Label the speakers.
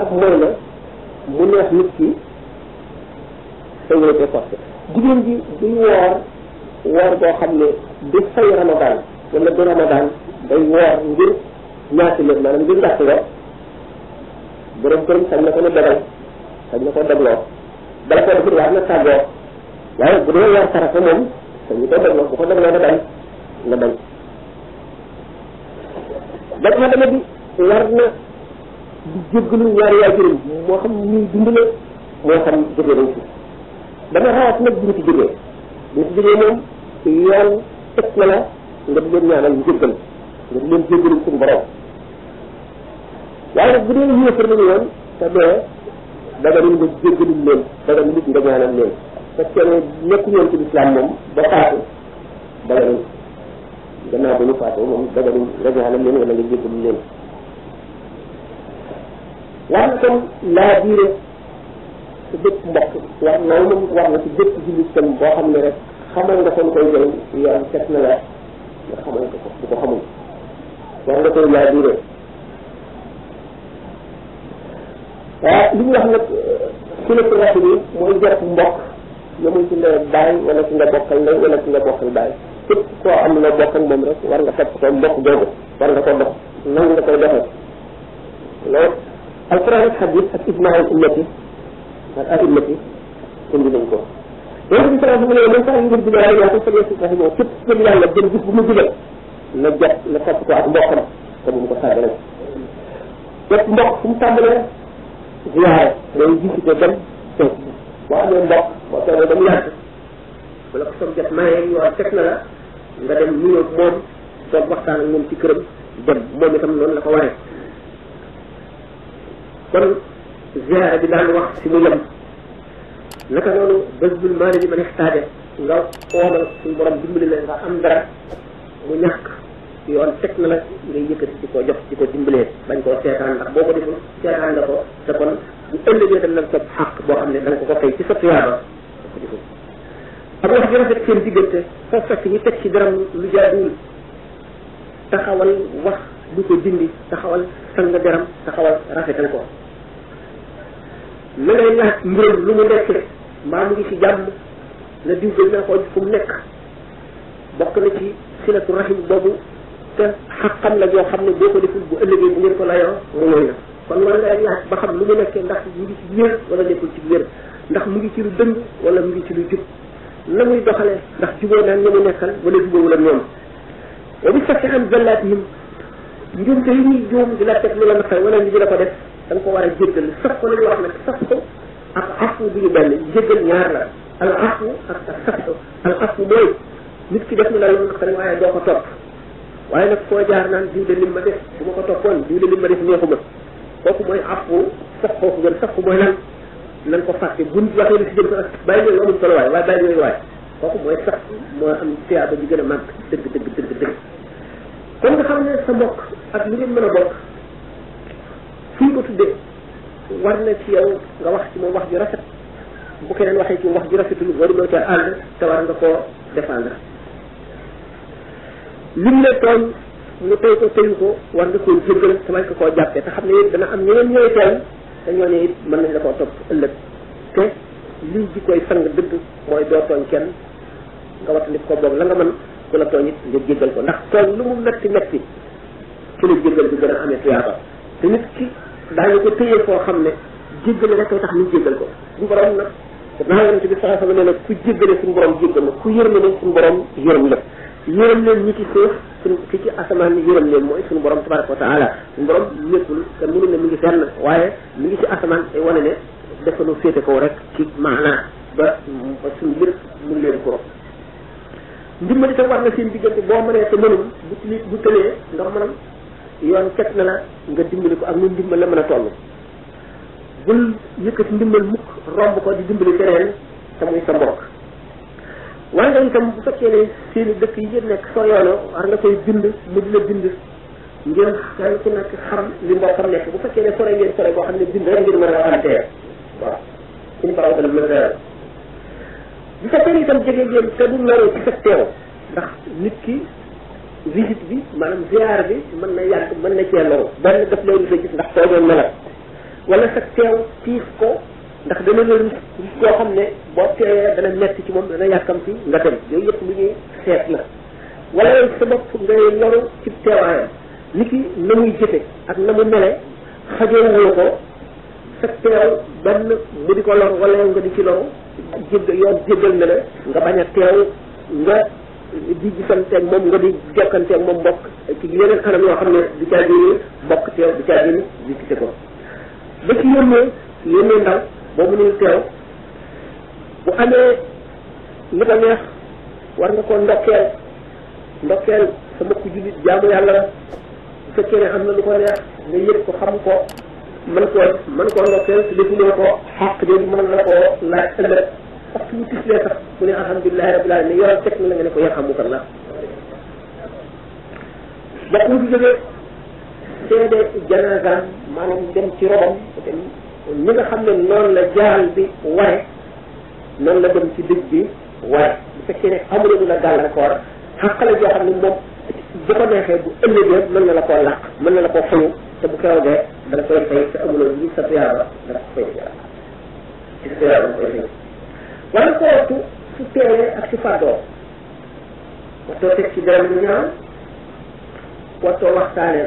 Speaker 1: ak mooy la mu neex nit ki sëyoo ci forcé jigéen ji duy woor woor boo xam ne du fay ramadan wala du ramadan day woor ngir ñaati ngir ndax loo borom këram sañ na ko ne dogal sañ na ko dogloo bala ko defit war na tàggoo waaye bu dee woor sarafa moom war na di jéggalu ñaari waajuram moo xam ñuy dund la moo xam jógee nañ fi dama xalaat nag bu ñu ci jógee bu ñu ci jógee moom yoon teg na la nga di leen ñaanal njëggal nga di leen jéggalu suñu borom waaye nag bu dee yéefar lañu woon te dee daga nañ nga jéggalu leen daga nañ nga ñaanal leen parce que nekk ñoom ci lislaam moom ba faatu daga nañ gannaaw ñu faatu moom daga nga ñaanal leen wala nga jéggalu leen waaye itam laa biire su bépp mbokk waaw loolu moom war na si bépp jullit tam boo xam ne rek xamal nga kon koy jëriñ yoon fekk na la nga xamal nga ko bu ko xamul war nga koy laa biire waaw li ñu wax nag ci la rafet yi mooy jàpp mbokk yamul ci nga baay wala ci nga bokkal ndey wala ci nga bokkal baay képp koo am loo bokkal moom rek war nga topp ko mbokk googu war nga ko dox nan nga koy doxee loolu alquran ak xadis ak ijmaa ummati ak ummati ko yonent bi sallallahu alayhi wa sallam man ngir jubal yàlla ko sëñ Yusuf Rahima képp jëm yàlla jëm gis bu mu na jot na topp ko ak mboqam te bu mu ko sàggale jot mboq fu mu tàmbalee ziyaare day visité dem toog boo amee mboq boo toogee ba mu yàgg bu la ko soog jot maye yoo teg na la nga dem nuyoo moom toog waxtaan ak moom ci këram dem moom itam noonu la kon ziyaara bi daan wax fi mu yem naka noonu bësbul maali li man ixtaaje nga oomal suñ borom dimbali la nga am dara mu ñàkk yoon teg na la ngay yëkkati di ko jox di ko dimbalee bañ koo seetaan ndax boo ko deful seetaan nga ko te kon bu ëllëgee dañ la ko xàq boo xam ne da nga ko ko fay ci sa tuyaaba boo ko deful ak wax ju rafet seen diggante foo fekk ñu teg ci dara lu jaaduwul taxawal wax du ko dindi taxawal sang deram taxawal rafetal ko la ngay laaj mbiram lu mu nekk mbaa mu ngi ci jàmm la diw gën naa ko fu nekk bokk na ci silatu rahim boobu te xaqam la joo xam ne boo ko deful bu ëllëgee bu ngeen ko layoo mu looy na kon war ngay laaj ba xam lu mu nekkee ndax mu ngi ci wér wala nekkul ndax mu ngi ci lu dëng wala mu ngi ci lu jub na muy doxalee ndax juboo naan ña mu nekkal wala jubóowu la ñoom wa bi safi an zallaatihim njuumte yi ñuy juum di la teg lu la naqar wala ñu di la ko def da ko war a jéggal saf ko la ñuy wax nag saf ko ak afu bi ñu benn jéggal ñaar la al afu ak ak saf al afu mooy nit ki def na la loolu naqari waaye doo ko topp waaye nag foo jaar naan diw de lim ma def bu ma ko toppoon diw de lim ma def neexuma kooku mooy afu saf kooku gën saf mooy lan nan ko fàtte buñ waxee li si jëm sax bàyyi yooyu amul solo waay waaye bàyyi yooyu waay kooku mooy sax moo am tiyaaba ji gën a màgg dëgg dëgg ak a war na ci yow nga wax ci moom wax ju rafet bu keneen waxee ci wax ju rafetul waruloo ca ànd te war nga koo défendre lim la tooñ mu tey ko teyu ko war nga koo jéggal te koo jàppee xam ne it dana am ñeneen ñooy teel te ñoo ne it mën nañ la koo topp ëllëg te lii ji koy sang dëgg mooy doo tooñ kenn nga wattandi ko boog la nga mën ku la tooñ nga jéggal ko ndax tooñ lu mu metti metti ci la bi gën a amee tuyaaba te nit ki daal daañu ko téye foo xam ne jéggale rek tax ñu jéggal ko suñu borom nag danaa yonent bi saa sama nee na ku jéggale suñu borom jéggal na ku yërëm ne suñu borom yërëm la yërëm leen ñi mooy suñu borom tabaraka wa taala suñu borom nekkul te mënul ne mu ngi fenn waaye mu ngi ci asamaan ay wane ne dafa nu féete kaw rek ci maanaa ba suñu mbir leen ko ndimbali tam war na seen diggante boo mënee te mënul bu bu tëlee nga mënam yoon teg na la nga dimbali ko ak nu ndimbal la mën a toll bul yëkkati ndimbal mukk romb ko di dimbali keneen te muy sa mbokk waaye nga itam bu fekkee ne seeni dëkk yi ngeen nekk soo yoonoo war nga koy bind di la bind ngeen kenn ku nekk xam li mbokkam bu fekkee ne sore ngeen sore boo xam ne bind rek ngeen mën a waxantee waaw suñu borom dana mën sa teew ndax nit ki visite bi maanaam ziar bi mën na yàgg mën na cee loru benn daf lay rus gis ndax toogoon melam wala sa teew tiis ko ndax dana la rus rus koo xam ne boo teewee dana metti ci moom dana yàkkam ci nga dem yooyu yëpp lu ñuy seet la wala yow sa bopp ngay loru ci teewaan ni ki na muy jëfe ak na mu mele xajoowoo ko sa teew benn mu di ko loru wala yow nga di ci loru jégg yoon jéggal na la nga bañ a teew nga di gisanteeg moom nga di jokkanteeg moom mbokk ci yeneen kanam yoo xam ne du caa génne mbokk teew du caa génne di gise ko ba ci yónnee yónnee ndaw boo mënul teew bu amee li ko neex war nga ko ndokkeel ndokkeel sa mbokk jaamu yàlla la bu fekkee ne am na lu ko neex nga yëg ko xam ko mën koo mën koo ndokkeel si lépp moo ko xàq jooju na la koo laaj ëllëg sax suñu tiflee sax mu ne alhamdulilahi rabbil alamin yoral teg na nga ne ko yarhamukallah ba ku fi jógee seede janaasa maanaam dem ci robam dem ñi nga xam ne noonu la jaal bi ware noonu la dem ci dëj bi ware bu fekkee ne amuloo du la gàllankoor xàqale joo xam ne moom bu ko neexee bu ëllëgee mën na la koo làq mën na la koo fayu te bu keroogee dala koy fay te amuloo lu sa tuyaaba dala ko fay tuyaaba ci sa tuyaaba koy fay war ko wattu su teewee ak su fàddoo wattoo teg ci dara lu ñaaw wattoo waxtaanee